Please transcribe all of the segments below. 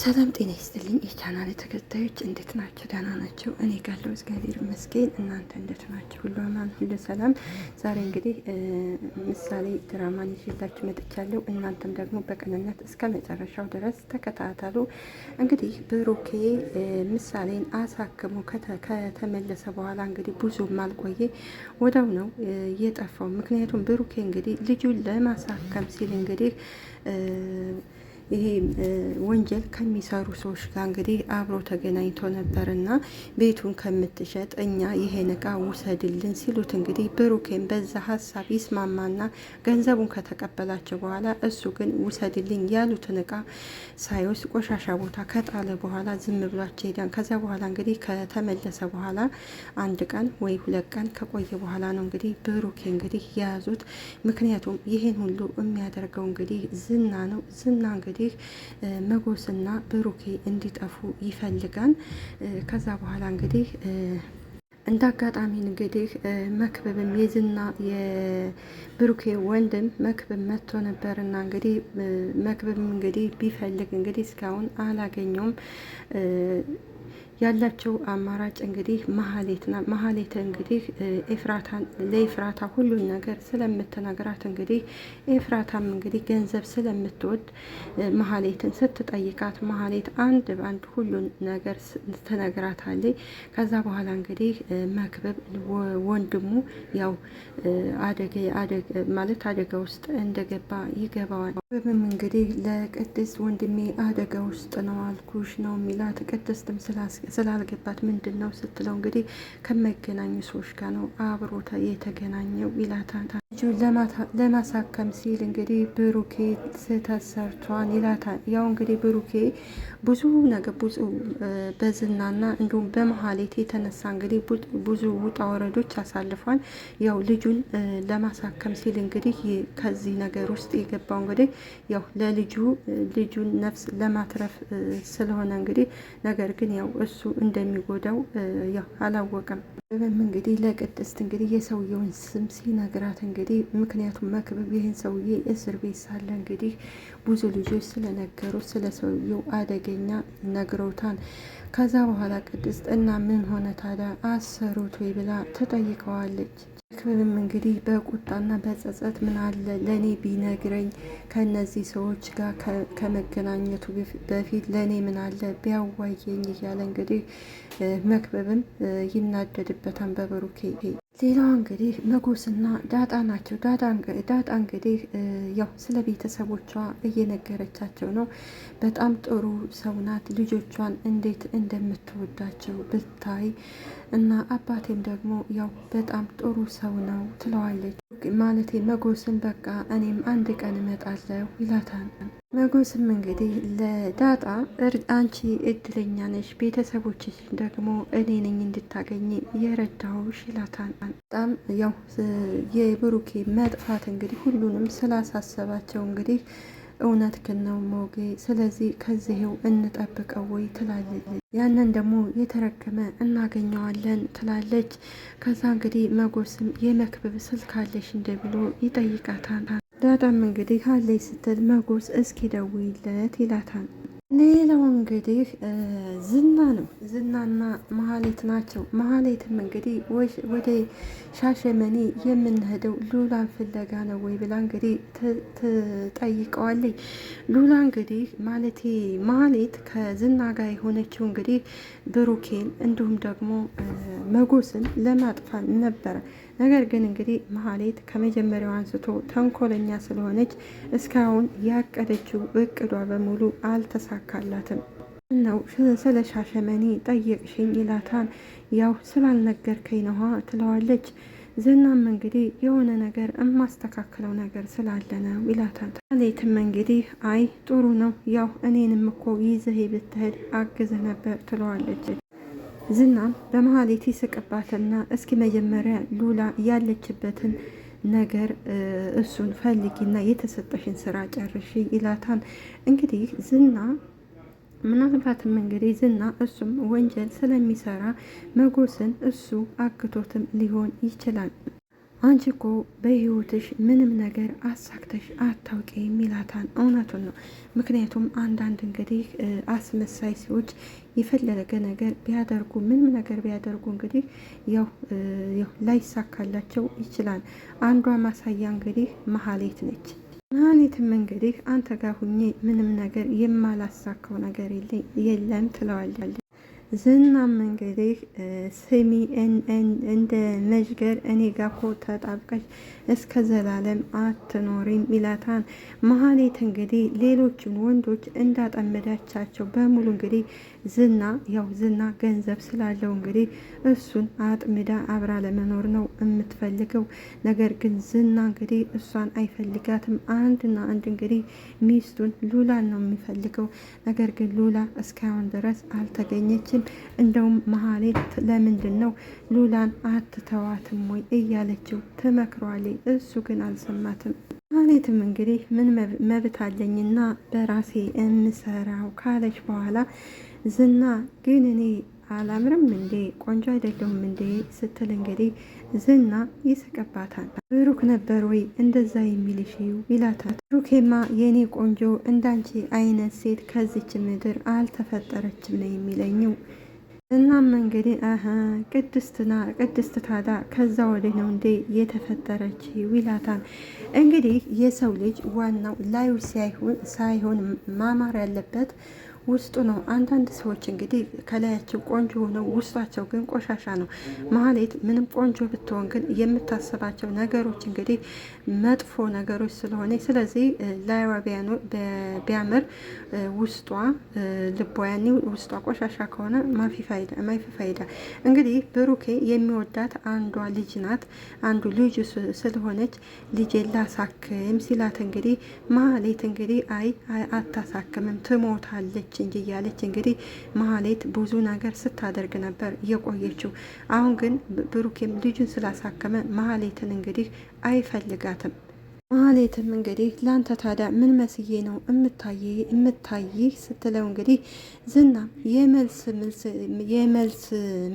ሰላም ጤና ይስጥልኝ። የቻናሌ ተከታዮች እንዴት ናቸው? ደህና ናቸው? እኔ ጋለው እግዚአብሔር ይመስገን። እናንተ እንዴት ናቸው? ሁሉ አማን፣ ሁሉ ሰላም። ዛሬ እንግዲህ ምሳሌ ድራማን ይዤላችሁ መጥቻለሁ። እናንተም ደግሞ በቅንነት እስከ መጨረሻው ድረስ ተከታተሉ። እንግዲህ ብሩኬ ምሳሌን አሳክሞ ከተመለሰ በኋላ እንግዲህ ብዙም አልቆየ ወደው ነው የጠፋው። ምክንያቱም ብሩኬ እንግዲህ ልጁን ለማሳከም ሲል እንግዲህ ይሄ ወንጀል ከሚሰሩ ሰዎች ጋር እንግዲህ አብሮ ተገናኝቶ ነበርና ቤቱን ከምትሸጥ እኛ ይሄን እቃ ውሰድልን ሲሉት እንግዲህ ብሩኬን በዛ ሀሳብ ይስማማና ገንዘቡን ከተቀበላቸው በኋላ እሱ ግን ውሰድልኝ ያሉትን እቃ ሳይወስ ቆሻሻ ቦታ ከጣለ በኋላ ዝም ብሏቸው ሄዳን። ከዛ በኋላ እንግዲህ ከተመለሰ በኋላ አንድ ቀን ወይ ሁለት ቀን ከቆየ በኋላ ነው እንግዲህ ብሩኬ እንግዲህ የያዙት። ምክንያቱም ይሄን ሁሉ የሚያደርገው እንግዲህ ዝና ነው። ዝና እንግዲህ እንግዲህ መጎስና ብሩኬ እንዲጠፉ ይፈልጋል። ከዛ በኋላ እንግዲህ እንደ አጋጣሚ እንግዲህ መክብብም የዝና የብሩኬ ወንድም መክብብ መጥቶ ነበር እና እንግዲህ መክብብም እንግዲህ ቢፈልግ እንግዲህ እስካሁን አላገኘውም። ያላቸው አማራጭ እንግዲህ መሀሌት ናት። መሀሌት እንግዲህ ኤፍራታ ለኤፍራታ ሁሉን ነገር ስለምትነግራት እንግዲህ ኤፍራታም እንግዲህ ገንዘብ ስለምትወድ መሀሌትን ስትጠይቃት መሀሌት አንድ በአንድ ሁሉን ነገር ትነግራታለች። ከዛ በኋላ እንግዲህ መክበብ ወንድሙ ያው አደገ ማለት አደጋ ውስጥ እንደገባ ይገባዋል። ጥበብም እንግዲህ ለቅድስት ወንድሜ አደጋ ውስጥ ነው አልኩሽ ነው የሚላት። ቅድስትም ስላልገባት ምንድን ነው ስትለው እንግዲህ ከመገናኙ ሰዎች ጋር ነው አብሮታ የተገናኘው ይላታል። ልጁን ለማሳከም ሲል እንግዲህ ብሩኬ ስህተት ሰርቷን ይላታል። ያው እንግዲህ ብሩኬ ብዙ ነገር ብዙ በዝናና እንዲሁም በመሀሌት የተነሳ እንግዲህ ብዙ ውጣ ወረዶች አሳልፏል። ያው ልጁን ለማሳከም ሲል እንግዲህ ከዚህ ነገር ውስጥ የገባው እንግዲህ ያው ለልጁ ልጁን ነፍስ ለማትረፍ ስለሆነ እንግዲህ ነገር ግን ያው እሱ እንደሚጎዳው ያው አላወቀም። ጥበብም እንግዲህ ለቅድስት እንግዲህ የሰውየውን ስም ሲነግራት እንግዲህ ምክንያቱም መክበብ ይህን ሰውዬ እስር ቤት ሳለ እንግዲህ ብዙ ልጆች ስለነገሩ ስለ ሰውየው አደገኛ ነግረውታል። ከዛ በኋላ ቅድስት እና ምን ሆነ ታዲያ አሰሩት ወይ ብላ ትጠይቀዋለች። ክምም እንግዲህ በቁጣና በጸጸት ምን አለ ለእኔ ቢነግረኝ ከእነዚህ ሰዎች ጋር ከመገናኘቱ በፊት ለእኔ ምን አለ ቢያዋየኝ እያለ እንግዲህ መክበብም ይናደድበታል በብሩኬ። ሌላው እንግዲህ ንጉስና ዳጣ ናቸው። ዳጣ እንግዲህ ያው ስለ ቤተሰቦቿ እየነገረቻቸው ነው። በጣም ጥሩ ሰው ናት። ልጆቿን እንዴት እንደምትወዳቸው ብታይ እና አባቴም ደግሞ ያው በጣም ጥሩ ሰው ነው ትለዋለች። ማለቴ መጎስን በቃ እኔም አንድ ቀን እመጣለሁ ይላታል። መጎስም እንግዲህ ለዳጣ አንቺ እድለኛ ነሽ፣ ቤተሰቦችሽን ደግሞ እኔ ነኝ እንድታገኝ የረዳሁሽ ይላታል። በጣም ያው የብሩኬ መጥፋት እንግዲህ ሁሉንም ስላሳሰባቸው እንግዲህ እውነት ግን ነው ሞጌ። ስለዚህ ከዚህው እንጠብቀው ወይ ትላለች። ያንን ደግሞ የተረገመ እናገኘዋለን ትላለች። ከዛ እንግዲህ መጎስም የመክብብ ስልክ አለሽ እንደብሎ ይጠይቃታል። ዳጣም እንግዲህ አለኝ ስትል መጎስ እስኪ ደውይለት ይላታል። ሌላው እንግዲህ ዝና ነው። ዝናና መሀሌት ናቸው። መሀሌትም እንግዲህ ወደ ሻሸመኔ የምንሄደው ሉላን ፍለጋ ነው ወይ ብላ እንግዲህ ትጠይቀዋለች። ሉላ እንግዲህ ማለቴ መሀሌት ከዝና ጋር የሆነችው እንግዲህ ብሩኬን እንዲሁም ደግሞ መጎስን ለማጥፋት ነበረ። ነገር ግን እንግዲህ መሀሌት ከመጀመሪያው አንስቶ ተንኮለኛ ስለሆነች እስካሁን ያቀደችው እቅዷ በሙሉ አልተሳካላትም። ነው ስለ ሻሸመኔ ጠየቅሽኝ ይላታል። ያው ስላልነገርከኝ ነዋ ትለዋለች። ዝናም እንግዲህ የሆነ ነገር የማስተካክለው ነገር ስላለ ነው ይላታል። ሌትም እንግዲህ አይ ጥሩ ነው ያው እኔንም እኮ ይዘህ ብትሄድ አግዝህ ነበር ትለዋለች። ዝናም በመሀሌት ይስቅባትና እስኪ መጀመሪያ ሉላ ያለችበትን ነገር እሱን ፈልጊና የተሰጠሽን ስራ ጨርሽ ይላታል። እንግዲህ ዝና ምናልባትም እንግዲህ ዝና እሱም ወንጀል ስለሚሰራ መጎስን እሱ አግቶትም ሊሆን ይችላል። አንቺ እኮ በህይወትሽ ምንም ነገር አሳክተሽ አታውቂ የሚላታን እውነቱን ነው። ምክንያቱም አንዳንድ እንግዲህ አስመሳይ ሰዎች የፈለገ ነገር ቢያደርጉ ምንም ነገር ቢያደርጉ እንግዲህ ያው ላይሳካላቸው ይችላል። አንዷ ማሳያ እንግዲህ መሀሌት ነች። መሀሌትም እንግዲህ አንተ ጋር ሁኜ ምንም ነገር የማላሳካው ነገር የለም ትለዋለች። ዝናም እንግዲህ ስሚ እንደ መዥገር እኔ ጋር እኮ ተጣብቀሽ እስከ ዘላለም አትኖሪም ይላታል። መሀሌት እንግዲህ ሌሎችን ወንዶች እንዳጠመዳቻቸው በሙሉ እንግዲህ ዝና ያው ዝና ገንዘብ ስላለው እንግዲህ እሱን አጥምዳ አብራ ለመኖር ነው የምትፈልገው። ነገር ግን ዝና እንግዲህ እሷን አይፈልጋትም። አንድና አንድ እንግዲህ ሚስቱን ሉላን ነው የሚፈልገው። ነገር ግን ሉላ እስካሁን ድረስ አልተገኘችም። እንደውም መሀሌት ለምንድን ነው ሉላን አትተዋትም ወይ እያለችው ትመክሯለች። እሱ ግን አልሰማትም። ማለትም እንግዲህ ምን መብት አለኝና በራሴ የምሰራው ካለች በኋላ ዝና ግን እኔ አላምርም እንዴ ቆንጆ አይደለሁም እንዴ ስትል እንግዲህ ዝና ይስቅባታል። ብሩክ ነበር ወይ እንደዛ የሚልሽ ይላታል። ብሩኬማ የእኔ ቆንጆ እንዳንቺ አይነት ሴት ከዚች ምድር አልተፈጠረችም ነው የሚለኝው። እናም እንግዲህ አሀ ቅድስትና ቅድስት ታዳ ከዛ ወደ ነው እንዴ የተፈጠረች ይላታል። እንግዲህ የሰው ልጅ ዋናው ላዩ ሳይሆን ማማር ያለበት ውስጡ ነው። አንዳንድ ሰዎች እንግዲህ ከላያቸው ቆንጆ ሆነው ውስጣቸው ግን ቆሻሻ ነው። ማህሌት ምንም ቆንጆ ብትሆን ግን የምታስባቸው ነገሮች እንግዲህ መጥፎ ነገሮች ስለሆነ ስለዚህ ላይዋ ቢያምር ውስጧ ልቧ ያኔ ውስጧ ቆሻሻ ከሆነ ማይፊ ፋይዳ። እንግዲህ ብሩኬ የሚወዳት አንዷ ልጅ ናት። አንዱ ልጁ ስለሆነች ልጄ ላሳክም ሲላት እንግዲህ ማህሌት እንግዲህ አይ አታሳክምም ትሞታለች እንጂ እያለች እንግዲህ መሀሌት ብዙ ነገር ስታደርግ ነበር የቆየችው። አሁን ግን ብሩኬም ልጁን ስላሳከመ መሀሌትን እንግዲህ አይፈልጋትም። ማህሌትም እንግዲህ ለአንተ ታዲያ ምን መስዬ ነው እምታይ እምታይህ ስትለው እንግዲህ ዝና የመልስ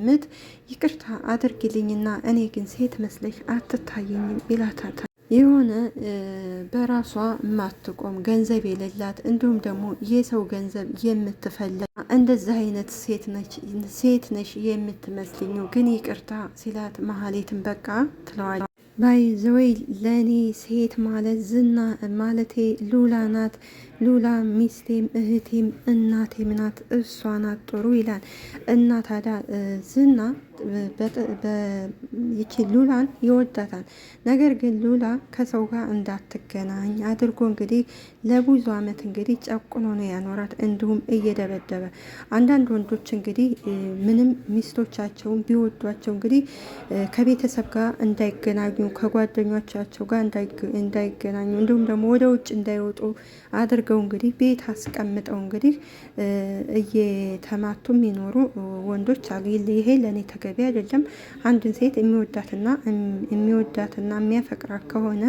ምት ይቅርታ አድርጊልኝና እኔ ግን ሴት መስለሽ አትታየኝም ይላታታል። የሆነ በራሷ ማትቆም ገንዘብ የሌላት እንዲሁም ደግሞ የሰው ገንዘብ የምትፈለግ እንደዚህ አይነት ሴት ነሽ የምትመስልኝው ግን ይቅርታ ሲላት መሀሌትን በቃ ትለዋል። ባይ ዘወይ ለእኔ ሴት ማለት ዝና ማለቴ ሉላ ናት። ሉላ ሚስቴም እህቴም እናቴም ናት እሷ ናት ጥሩ ይላል እና ታዲያ ዝና ይቺ ሉላን ይወዳታል። ነገር ግን ሉላ ከሰው ጋር እንዳትገናኝ አድርጎ እንግዲህ ለብዙ ዓመት እንግዲህ ጨቁኖ ነው ያኖራት፣ እንዲሁም እየደበደበ አንዳንድ ወንዶች እንግዲህ ምንም ሚስቶቻቸውን ቢወዷቸው እንግዲህ ከቤተሰብ ጋር እንዳይገናኙ ከጓደኞቻቸው ጋር እንዳይገናኙ እንዲሁም ደግሞ ወደ ውጭ እንዳይወጡ አድርገ አድርገው እንግዲህ ቤት አስቀምጠው እንግዲህ እየተማቱ የሚኖሩ ወንዶች አሉ። ይሄ ለእኔ ተገቢ አይደለም። አንድን ሴት የሚወዳትና የሚወዳትና የሚያፈቅራት ከሆነ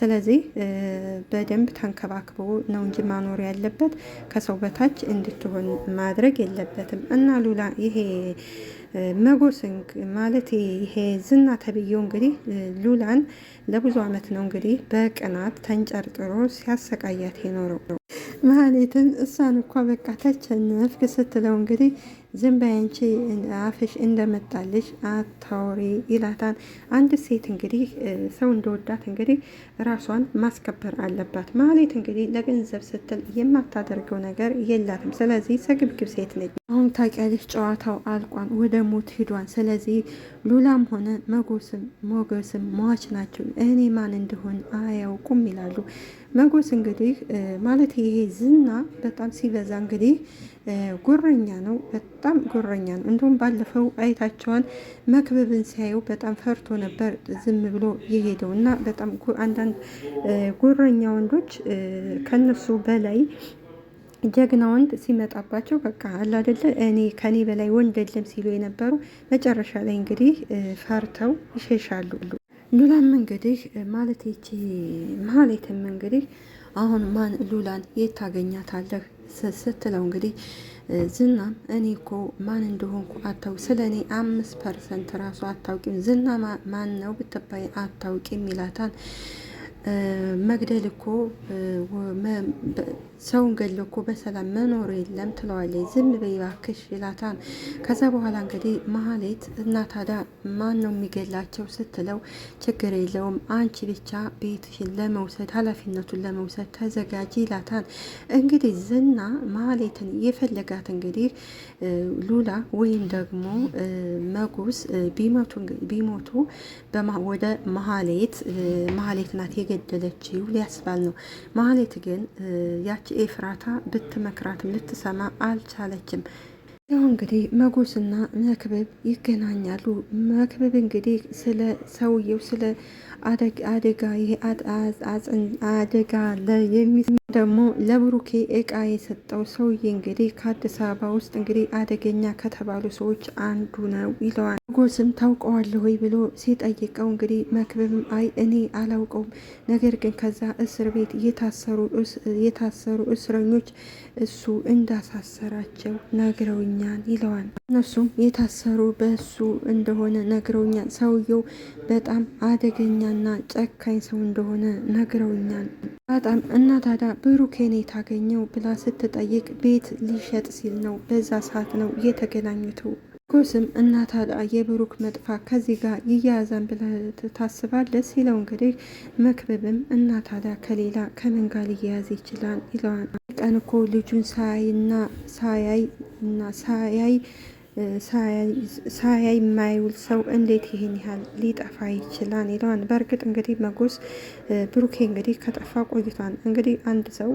ስለዚህ በደንብ ተንከባክቦ ነው እንጂ ማኖር ያለበት ከሰው በታች እንድትሆን ማድረግ የለበትም እና ሉላ ይሄ መጎስንግ ማለት ይሄ ዝና ተብዬው እንግዲህ ሉላን ለብዙ አመት ነው እንግዲህ በቅናት ተንጨርጥሮ ሲያሰቃያት የኖረው። ማለትም እሷን እኳ በቃ ተቸነፍክ ስትለው እንግዲህ ዝም በይ አንቺ አፍሽ እንደመጣልሽ አታውሪ ይላታል። አንድ ሴት እንግዲህ ሰው እንደወዳት እንግዲህ ራሷን ማስከበር አለባት። ማለት እንግዲህ ለገንዘብ ስትል የማታደርገው ነገር የላትም። ስለዚህ ሰግብግብ ሴት ነች። አሁን ታውቂያለሽ፣ ጨዋታው አልቋን ወደ ሞት ሂዷን። ስለዚህ ሉላም ሆነ መጎስም ሞገስም ሟች ናቸው። እኔ ማን እንደሆን አያውቁም ይላሉ መጎስ እንግዲህ ማለት ይሄ ዝና በጣም ሲበዛ እንግዲህ ጉረኛ ነው፣ በጣም ጉረኛ ነው። እንዲሁም ባለፈው አይታቸዋን መክብብን ሲያየው በጣም ፈርቶ ነበር ዝም ብሎ የሄደው እና በጣም አንዳንድ ጉረኛ ወንዶች ከነሱ በላይ ጀግና ወንድ ሲመጣባቸው በቃ አለ አይደለ እኔ ከኔ በላይ ወንድ የለም ሲሉ የነበሩ መጨረሻ ላይ እንግዲህ ፈርተው ይሸሻሉ። ሉላም እንግዲህ ማለት ይቺ ማለትም እንግዲህ አሁን ማን ሉላን የት ታገኛታለህ ስትለው እንግዲህ ዝናም እኔ እኮ ማን እንደሆንኩ አታውቅ፣ ስለ እኔ አምስት ፐርሰንት ራሱ አታውቂም። ዝና ማን ነው ብትባይ አታውቂም ይላታል። መግደል እኮ ሰውን ገሎ እኮ በሰላም መኖር የለም ትለዋለች። ዝም በይ እባክሽ ይላታል። ከዛ በኋላ እንግዲህ መሀሌት እና ታዲያ ማን ነው የሚገላቸው ስትለው ችግር የለውም አንቺ ብቻ ቤትሽን ለመውሰድ ኃላፊነቱን ለመውሰድ ተዘጋጅ ይላታል። እንግዲህ ዝና መሀሌትን የፈለጋት እንግዲህ ሉላ ወይም ደግሞ መጉስ ቢሞቱ ወደ መሀሌት መሀሌት ናት የገደለችው ሊያስባል ነው። መሀሌት ግን እያለች ኤፍራታ ብትመክራትም ልትሰማ አልቻለችም። ያው እንግዲህ መጎስና መክብብ ይገናኛሉ። መክብብ እንግዲህ ስለ ሰውየው ስለ አደጋ ይሄ አደጋ የሚ ደግሞ ለብሩኬ እቃ የሰጠው ሰውዬ እንግዲህ ከአዲስ አበባ ውስጥ እንግዲህ አደገኛ ከተባሉ ሰዎች አንዱ ነው ይለዋል። ጎስም ታውቀዋለህ ወይ ብሎ ሲጠይቀው እንግዲህ መክብብም አይ እኔ አላውቀውም፣ ነገር ግን ከዛ እስር ቤት የታሰሩ እስረኞች እሱ እንዳሳሰራቸው ነግረውኛል ይለዋል። እነሱም የታሰሩ በሱ እንደሆነ ነግረውኛል። ሰውየው በጣም አደገኛና ጨካኝ ሰው እንደሆነ ነግረውኛል። በጣም እና ታዲያ ብሩኬን የታገኘው ብላ ስትጠይቅ ቤት ሊሸጥ ሲል ነው። በዛ ሰዓት ነው የተገናኙት። ሞገስም እና ታዲያ የብሩክ መጥፋ ከዚህ ጋር ይያያዛን ብለህ ታስባለህ? ሲለው እንግዲህ መክብብም እና ታዲያ ከሌላ ከምን ጋር ሊያያዝ ይችላል? ይለዋል። ቀን እኮ ልጁን ሳያይና ሳያይ እና ሳያይ ሳያይ የማይውል ሰው እንዴት ይሄን ያህል ሊጠፋ ይችላል? ይለዋል። በእርግጥ እንግዲህ መጎስ ብሩኬ እንግዲህ ከጠፋ ቆይቷል። እንግዲህ አንድ ሰው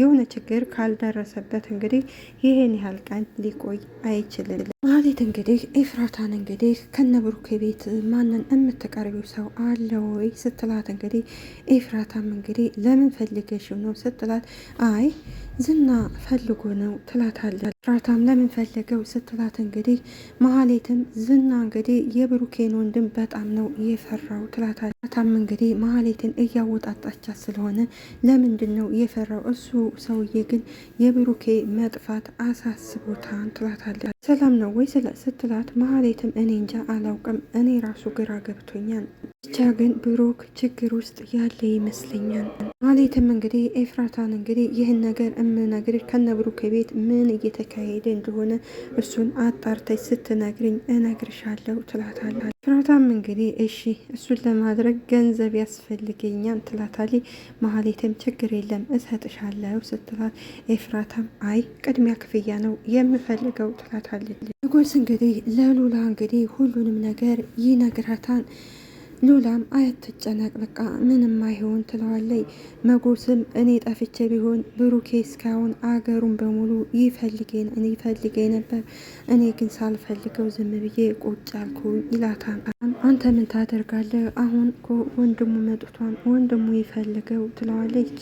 የሆነ ችግር ካልደረሰበት እንግዲህ ይሄን ያህል ቀን ሊቆይ አይችልም። ማለት እንግዲህ ኤፍራታን እንግዲህ ከነ ብሩኬ ቤት ማንን የምትቀርቢው ሰው አለ ወይ ስትላት እንግዲህ ኤፍራታም እንግዲህ ለምን ፈልገሽው ነው ስትላት አይ ዝና ፈልጎ ነው ትላታለች። ኤፍራታም ለምን ፈለገው ስትላት እንግዲህ መሀሌትም ዝና እንግዲህ የብሩኬን ወንድም በጣም ነው የፈራው ትላታል። ኤፍራታም እንግዲህ መሀሌትን እያወጣጣቻት ስለሆነ ለምንድን ነው የፈራው እሱ ሰውዬ ግን የብሩኬ መጥፋት አሳስቦታን ትላታለች። ሰላም ነው ወይ ስትላት መሀሌትም እኔ እንጃ አላውቅም፣ እኔ ራሱ ግራ ገብቶኛል፣ ብቻ ግን ብሩክ ችግር ውስጥ ያለ ይመስለኛል። መሀሌትም እንግዲህ ኤፍራታን እንግዲህ ይህን ነገር እምነግርህ ከነ ብሩኬ ቤት ምን እየተ እየተካሄደ እንደሆነ እሱን አጣርተች ስትነግርኝ እነግርሻለሁ ትላታላ። ፍራታም እንግዲህ እሺ እሱን ለማድረግ ገንዘብ ያስፈልገኛል ትላታሊ። መሀሌትም ችግር የለም እሰጥሻለሁ ስትላት፣ ኤፍራታም አይ ቅድሚያ ክፍያ ነው የምፈልገው ትላታለች። ንጉስ እንግዲህ ለሉላ እንግዲህ ሁሉንም ነገር ይነግራታል። ሉላም አትጨነቅ፣ በቃ ምንም አይሆን ትለዋለይ። መጎስም እኔ ጠፍቼ ቢሆን ብሩኬ እስካሁን አገሩን በሙሉ ይፈልጌ ነበር፣ እኔ ግን ሳልፈልገው ዝም ብዬ ቁጭ አልኩኝ ይላታል። አንተ ምን ታደርጋለህ? አሁን እኮ ወንድሙ መጥቷን ወንድሙ ይፈልገው ትለዋለች።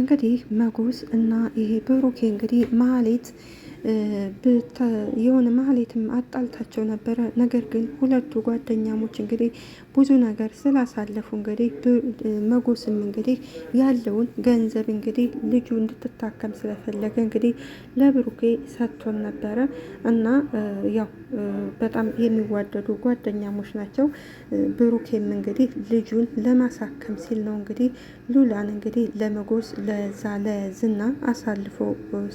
እንግዲህ መጎስ እና ይሄ ብሩኬ እንግዲህ ማሌት የሆነ ማህሌትም አጣልታቸው ነበረ። ነገር ግን ሁለቱ ጓደኛሞች እንግዲህ ብዙ ነገር ስላሳለፉ እንግዲህ መጎስም እንግዲህ ያለውን ገንዘብ እንግዲህ ልጁ እንድትታከም ስለፈለገ እንግዲህ ለብሩኬ ሰጥቶን ነበረ እና ያው በጣም የሚዋደዱ ጓደኛሞች ናቸው። ብሩኬም እንግዲህ ልጁን ለማሳከም ሲል ነው እንግዲህ ሉላን እንግዲህ ለመጎስ ለዛ ለዝና አሳልፎ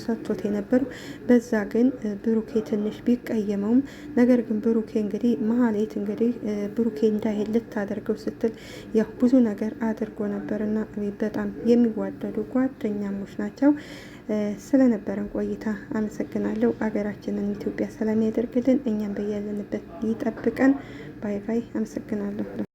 ሰጥቶት የነበረው በዛ ግን ብሩኬ ትንሽ ቢቀየመውም ነገር ግን ብሩኬ እንግዲህ መሀሌት እንግዲህ ብሩኬ እንዳይሄድ ልታደርገው ስትል ያው ብዙ ነገር አድርጎ ነበርና በጣም የሚዋደዱ ጓደኛሞች ናቸው። ስለነበረን ቆይታ አመሰግናለሁ። አገራችንን ኢትዮጵያ ሰላም ያደርግልን፣ እኛም በያለንበት ይጠብቀን። ባይ ባይ። አመሰግናለሁ።